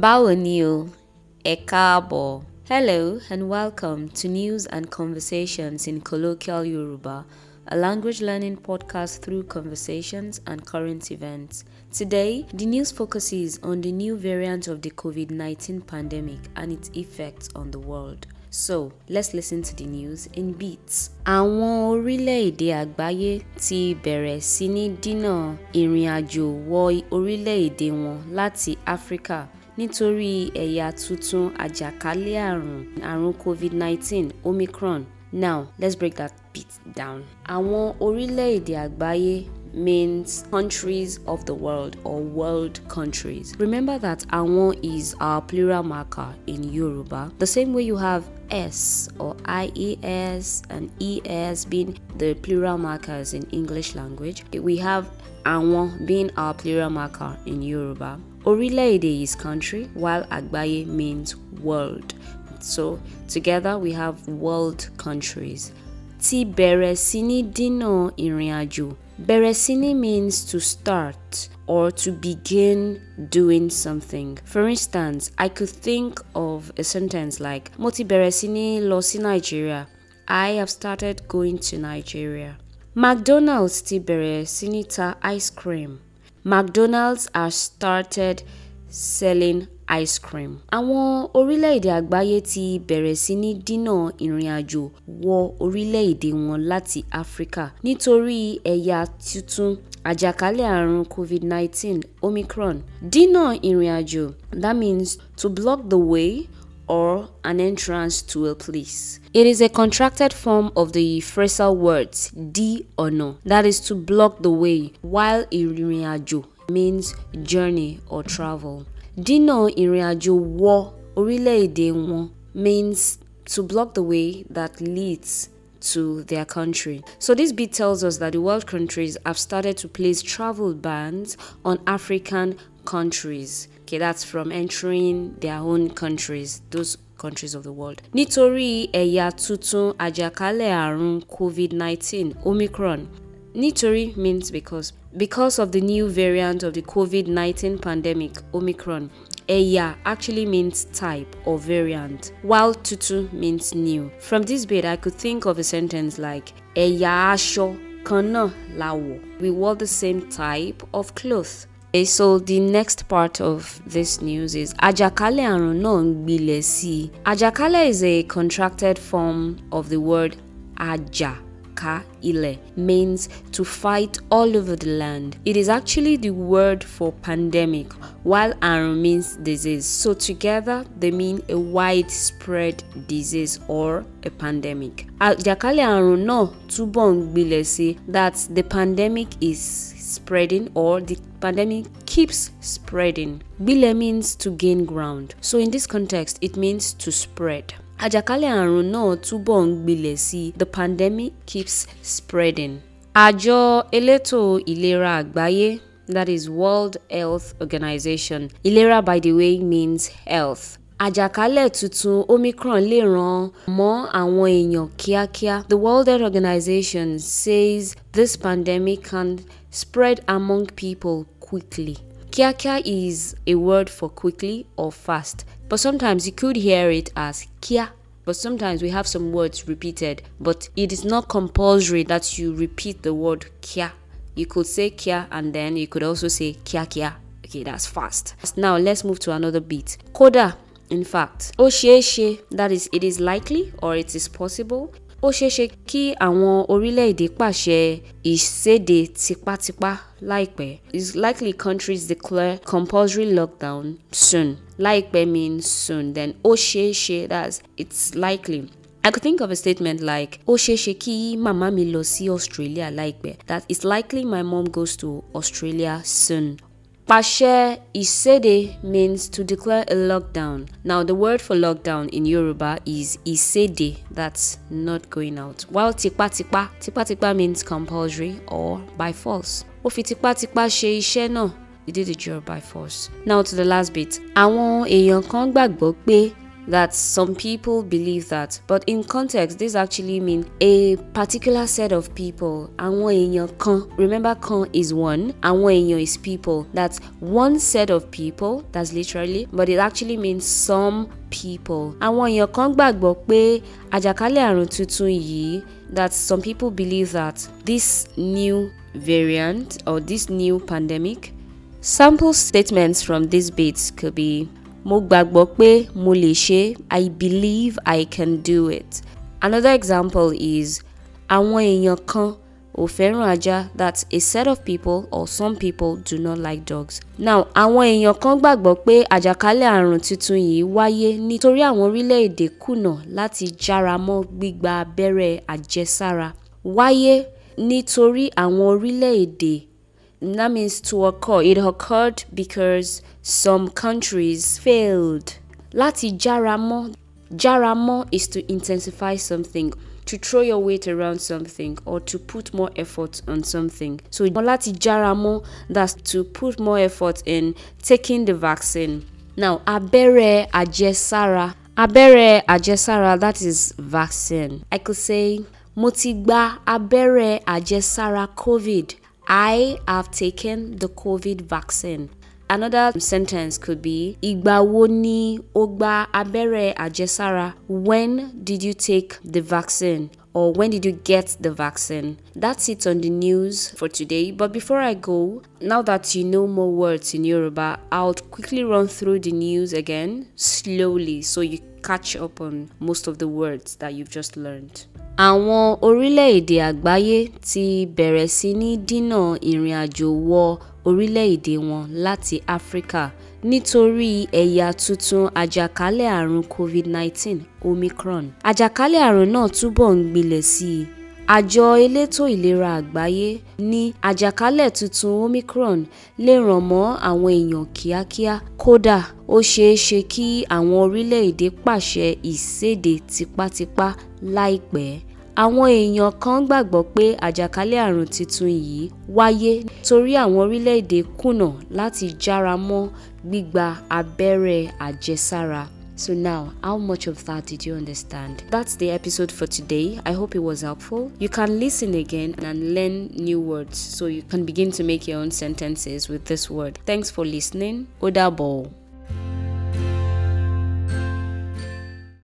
Báwo ni o? Hello and welcome to News and Conversations in Colloquial Yoruba, a language learning podcast through conversations and current events. Today, the news focuses on the new variant of the COVID 19 pandemic and its effects on the world. So, let's listen to the news in beats. Àwọn orílẹ̀-èdè àgbáyé ti bẹ̀rẹ̀ sí ní dínà ìrìn àjò wọ orílẹ̀-èdè wọn láti Áfíríkà nítorí ẹ̀yà tuntun àjàkálẹ̀ àrùn àrùn covid-19 omicron now let's break that bit down. àwọn orílẹ̀-èdè àgbáyé means countries of the world or world countries. Remember that àwọn is our plural marker in Yoruba. The same way you have S or IES and ES being the plural markers in English language, we have àwọn being our plural marker in Yoruba orile is country, while Agbaye means world. So together we have world countries. Ti dino sí ní Beresini means to start or to begin doing something. For instance, I could think of a sentence like Mo beresini lọ sí Nigeria. I have started going to Nigeria. McDonald's ti bẹ̀rẹ̀ ta ice cream. McDonald's has started selling ice cream. Àwọn orílẹ̀-èdè àgbáyé ti bẹ̀rẹ̀ sí ní dínà ìrìn-àjò wọ orílẹ̀-èdè wọn láti Áfíríkà nítorí ẹ̀yà tuntun àjàkálẹ̀ àrùn COVID-19 Omicron. Dínà ìrìn-àjò that means to block the way or an entrance to a place. It is a contracted form of the phrasal words di or no, that is to block the way, while irinajo means journey or travel. Dino irinajo wo orile-ede won means to block the way that leads to their country. So this bit tells us that the world countries have started to place travel bans on African countries okay that's from entering their own countries those countries of the world. nítorí ẹ̀yà tuntun àjàkálẹ̀ àrùn covid-19 omicron nítorí means because because of the new variant of the covid-19 pandemic omicron ẹ̀yà actually means type or variant while tutu means new. from this bit i could think of a sentence like ẹ̀yà aṣọ kan náà la we wore the same type of cloth. Okay, so the next part of this news is Ajakale àrùn náà ń sí Ajakale is a contracted form of the word Aja Ile means to fight all over the land. It is actually the word for pandemic, while aru means disease. So together they mean a widespread disease or a pandemic. Àjàkálẹ̀ àrùn no, túbọ̀ that the pandemic is spreading or the pandemic keeps spreading. Bilé means to gain ground. So in this context, it means to spread. àjàkálẹ̀ àrùn náà túbọ̀ ń gbilẹ̀ sí i the pandemic keeps spreading. àjọ elétò ìlera àgbáyé that is World Health Organization ìlera by the way means health àjàkálẹ̀ tuntun omicron lè ràn mọ́ àwọn èèyàn kíákíá. the world health organization says this pandemic can spread among people quickly. kíákíá is a word for quickly or fast. but sometimes you could hear it as kia. But sometimes we have some words repeated, but it is not compulsory that you repeat the word kia. You could say kia and then you could also say kia kia. Okay, that's fast. Now let's move to another beat. Koda, in fact. Oh, she. that is, it is likely or it is possible. Ó ṣeéṣe kí àwọn orílẹ̀-èdè pàṣẹ ìséde tipátipá láìpẹ́. It's likely countries declare compulsory lockdown soon. Láìpẹ́ means soon. Then ó ṣeéṣe that's it's likely. I could think of a statement like, Ó ṣeéṣe kí màmá mi lọ sí Australia láìpẹ́. That it's likely my mom goes to Australia soon. Pashe Isede means to declare a lockdown. Now, the word for lockdown in Yoruba is Isede, that's not going out. While Tipa Tipa, Tipa Tipa means compulsory or by force. Ó fi tipátipá ṣe iṣẹ́ náà, he did the job by force. Now to the last bit. Àwọn èèyàn kan gbàgbọ́ pé that some people believe that but in context this actually means a particular set of people àwọn èèyàn kan remember kong is one àwọn èèyàn is people that's one set of people that's literally but it actually means some people àwọn èèyàn kan gbàgbọ́ pé àjàkálẹ̀ àrùn that some people believe that this new variant or this new pandemic sample statements from these bits could be Mo gbàgbọ́ pé mo lè ṣe. I believe I can do it. Another example is àwọn èèyàn kan ò fẹ́ràn ajá. That a set of people or some people do not like dogs. Now, àwọn èèyàn kan gbàgbọ́ pé àjàkálẹ̀ àrùn tuntun yìí wáyé nítorí àwọn orílẹ̀-èdè kùnà láti jára mọ́ gbígba abẹ́rẹ́ àjẹsára. Wáyé nítorí àwọn orílẹ̀-èdè that means to occur. It occurred because some countries failed. Láti jaramo, jaramo is to intensify something, to throw your weight around something or to put more effort on something. So láti jaramo, that's to put more effort in taking the vaccine. Now, abẹ́rẹ́ àjẹsára. Abẹ́rẹ́ àjẹsára that is vaccine. I could say mo abẹ́rẹ́ àjẹsára COVID. I have taken the COVID vaccine. Another sentence could be Igba woni ni abẹ́rẹ́ àjẹsára? When did you take the vaccine? Or when did you get the vaccine? That's it on the news for today. But before I go, now that you know more words in Yoruba, I'll quickly run through the news again slowly so you catch up on most of the words that you've just learned. Àwọn orílẹ̀-èdè àgbáyé ti bẹ̀rẹ̀ sí ní dínà ìrìnàjò wọ orílẹ̀-èdè wọn láti Áfíríkà nítorí ẹ̀yà tuntun àjàkálẹ̀ àrùn Covid-19 Omicron. Àjàkálẹ̀ àrùn náà túbọ̀ ń gbilẹ̀ síi. Àjọ elétò ìlera àgbáyé ní àjàkálẹ̀ tuntun Omicron lè ràn mọ́ àwọn èèyàn kíákíá kódà ó ṣeé ṣe kí àwọn orílẹ̀-èdè pàṣẹ ìséde tipátipá láìpẹ́. Àwọn èèyàn kan gbàgbọ́ pé àjàkálẹ̀ àrùn titun yìí wáyé torí àwọn orílẹ̀-èdè kùnà láti jára mọ́ gbígba abẹ́rẹ́ àjẹsára. So, now, how much of that did you understand? That's the episode for today. I hope it was helpful. You can listen again and learn new words so you can begin to make your own sentences with this word. Thanks for listening. Odabo.